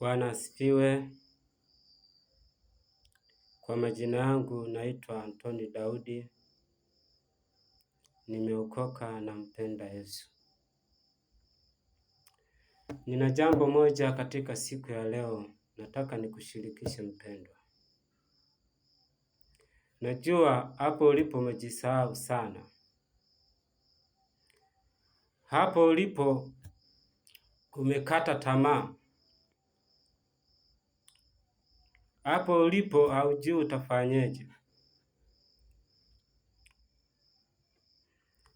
Bwana asifiwe. Kwa majina yangu naitwa Antoni Daudi, nimeokoka na mpenda Yesu. Nina jambo moja katika siku ya leo nataka nikushirikishe mpendwa. Najua hapo ulipo umejisahau sana, hapo ulipo umekata tamaa Hapo ulipo haujui utafanyeje,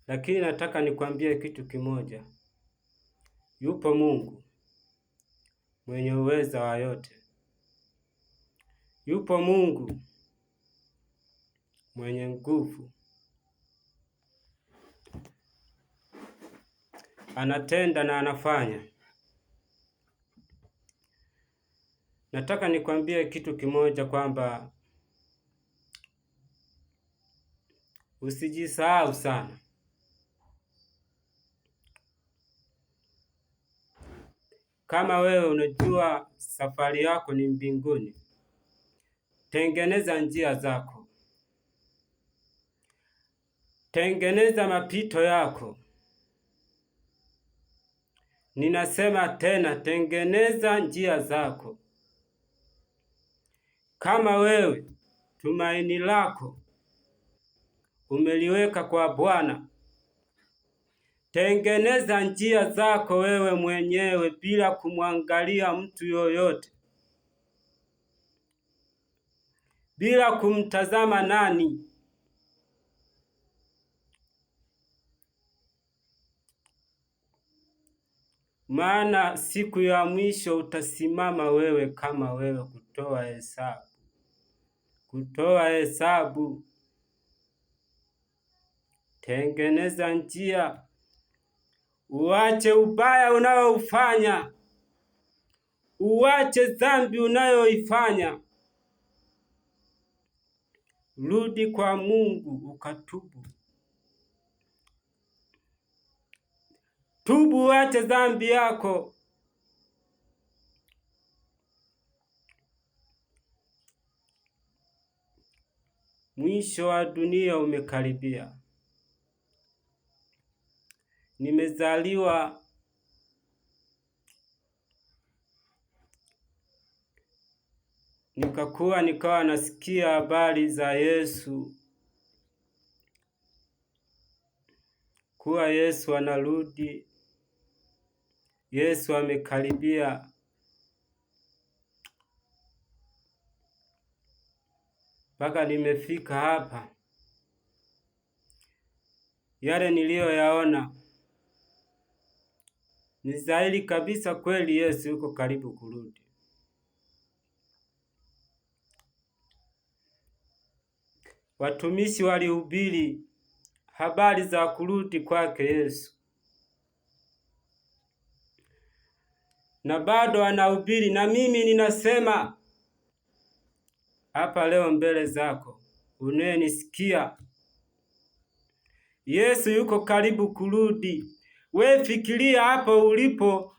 lakini nataka nikwambie kitu kimoja. Yupo Mungu mwenye uweza wa yote. Yupo Mungu mwenye nguvu, anatenda na anafanya. Nataka nikwambie kitu kimoja kwamba usijisahau sana. Kama wewe unajua safari yako ni mbinguni, tengeneza njia zako, tengeneza mapito yako. Ninasema tena, tengeneza njia zako. Kama wewe tumaini lako umeliweka kwa Bwana, tengeneza njia zako wewe mwenyewe bila kumwangalia mtu yoyote, bila kumtazama nani. Maana siku ya mwisho utasimama wewe kama wewe kutoa hesabu kutoa hesabu, tengeneza njia, uache ubaya unayoufanya, uache dhambi unayoifanya, rudi kwa Mungu ukatubu. Tubu, uache dhambi yako. mwisho wa dunia umekaribia. Nimezaliwa nikakuwa nikawa nasikia habari za Yesu kuwa Yesu anarudi, Yesu amekaribia. mpaka nimefika hapa. Yale niliyoyaona ni dhahiri kabisa, kweli Yesu yuko karibu kurudi. Watumishi walihubiri habari za kurudi kwake Yesu, na bado anahubiri, na mimi ninasema hapa leo mbele zako, unayenisikia. Yesu yuko karibu kurudi. We fikiria hapo ulipo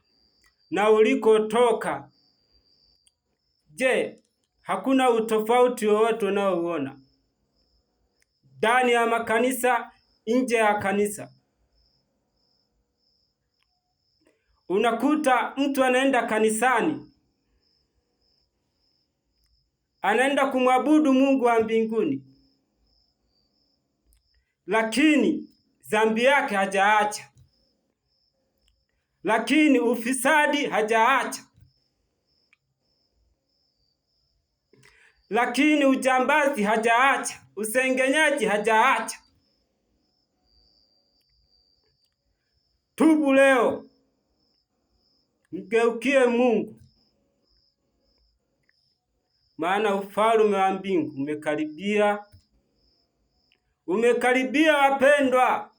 na ulikotoka. Je, hakuna utofauti wowote unaouona ndani ya makanisa, nje ya kanisa? Unakuta mtu anaenda kanisani anaenda kumwabudu Mungu wa mbinguni, lakini dhambi yake hajaacha, lakini ufisadi hajaacha, lakini ujambazi hajaacha, usengenyaji hajaacha. Tubu leo, mgeukie Mungu maana ufalme wa mbingu umekaribia. Umekaribia wapendwa,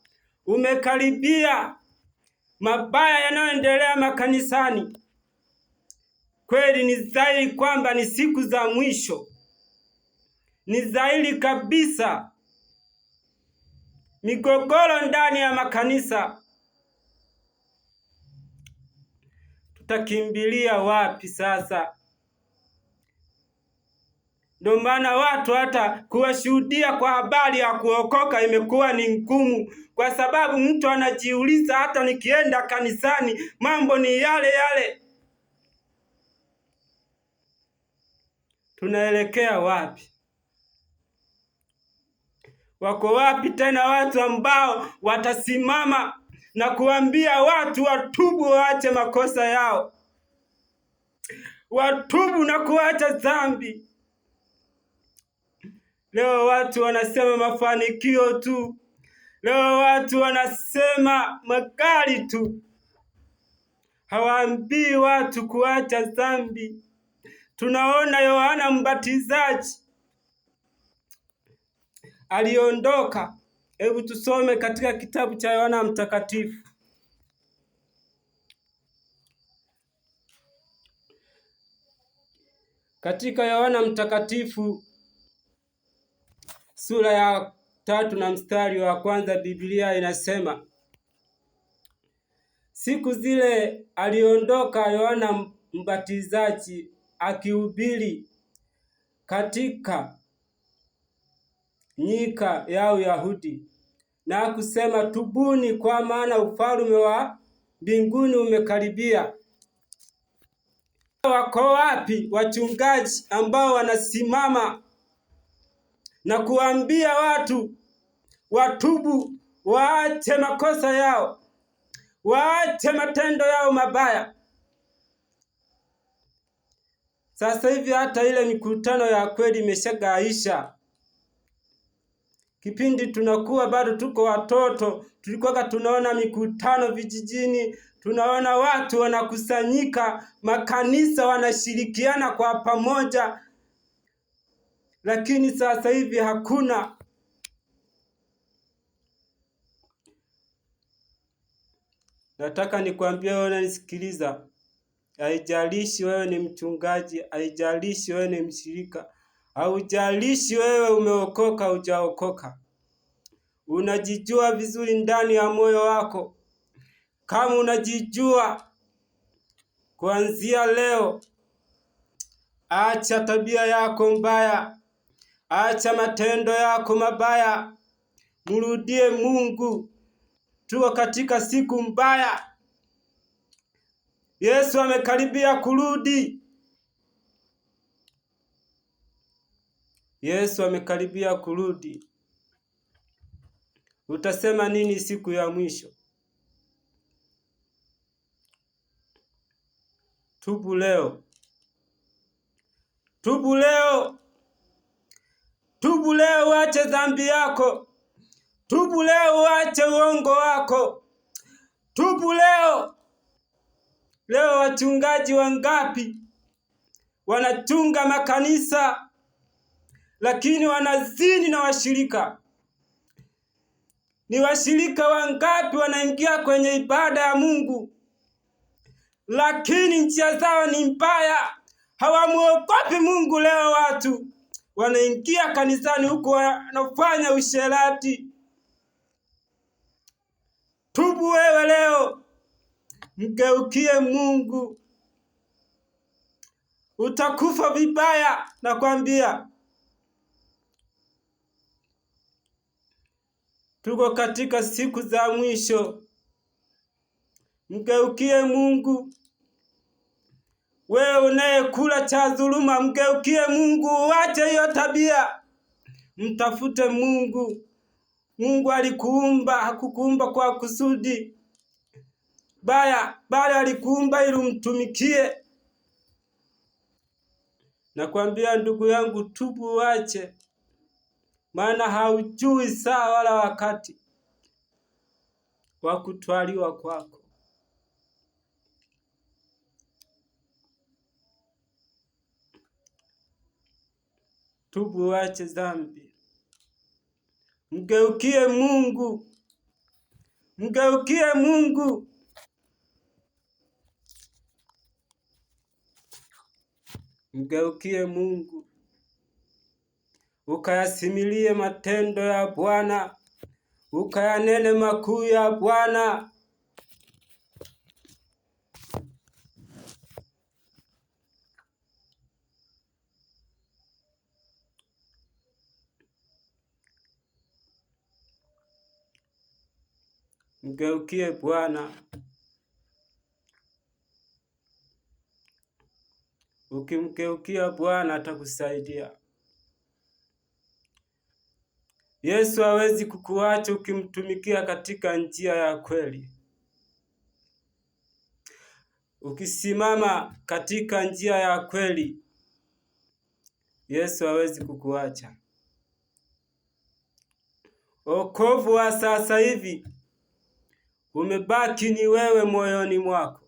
umekaribia. Mabaya yanayoendelea makanisani, kweli ni dhahiri kwamba ni siku za mwisho, ni dhahiri kabisa. Migogoro ndani ya makanisa, tutakimbilia wapi sasa? Ndio maana watu hata kuwashuhudia kwa habari ya kuokoka imekuwa ni ngumu, kwa sababu mtu anajiuliza, hata nikienda kanisani mambo ni yale yale. Tunaelekea wapi? Wako wapi tena watu ambao watasimama na kuambia watu watubu, waache makosa yao, watubu na kuacha dhambi? Leo watu wanasema mafanikio tu, leo watu wanasema makali tu, hawaambii watu kuacha dhambi. Tunaona Yohana Mbatizaji aliondoka. Hebu tusome katika kitabu cha Yohana Mtakatifu. Katika Yohana Mtakatifu sura ya tatu na mstari wa kwanza Biblia inasema siku zile aliondoka Yohana Mbatizaji akihubiri katika nyika ya Uyahudi na kusema, tubuni, kwa maana ufalume wa mbinguni umekaribia. Wako wapi wachungaji ambao wanasimama na kuambia watu watubu, waache makosa yao, waache matendo yao mabaya. Sasa hivi hata ile mikutano ya kweli imeshagaisha. Kipindi tunakuwa bado tuko watoto, tulikuwa tunaona mikutano vijijini, tunaona watu wanakusanyika, makanisa wanashirikiana kwa pamoja lakini sasa hivi hakuna Nataka nikwambie wewe unanisikiliza, haijalishi wewe ni mchungaji, haijalishi wewe ni mshirika, haujalishi wewe umeokoka hujaokoka, unajijua vizuri ndani ya moyo wako. Kama unajijua kuanzia leo, acha tabia yako mbaya, Acha matendo yako mabaya, mrudie Mungu. Tuko katika siku mbaya. Yesu amekaribia kurudi. Yesu amekaribia kurudi. Utasema nini siku ya mwisho? Tubu leo, tubu leo. Tubu leo, uache dhambi yako. Tubu leo, uache uongo wako. Tubu leo. Leo wachungaji wangapi wanachunga makanisa lakini wanazini na washirika? Ni washirika wangapi wanaingia kwenye ibada ya Mungu lakini njia zao ni mbaya, hawamuogopi Mungu. Leo watu wanaingia kanisani huko wanafanya usherati. Tubu wewe leo, mgeukie Mungu, utakufa vibaya, nakwambia. Tuko katika siku za mwisho, mgeukie Mungu. Wewe unayekula cha dhuluma, mgeukie Mungu, uache hiyo tabia, mtafute Mungu. Mungu alikuumba, hakukuumba kwa kusudi baya, bali alikuumba ili umtumikie. Nakwambia ndugu yangu, tubu, uache, maana haujui saa wala wakati wa kutwaliwa kwako. tubu, wache dhambi, mgeukie Mungu, mgeukie Mungu. Mgeukie Mungu ukayasimilie matendo ya Bwana, ukayanene makuu ya Bwana. mgeukie Bwana Ukimgeukia Bwana atakusaidia. Yesu hawezi kukuacha ukimtumikia katika njia ya kweli. Ukisimama katika njia ya kweli, Yesu hawezi kukuacha. Okovu wa sasa hivi umebaki ni wewe moyoni mwako.